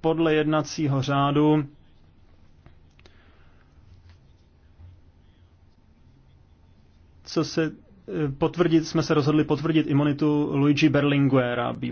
podle jednacího řádu co se eh, potvrdit, jsme se rozhodli potvrdit imunitu Luigi Berlinguera,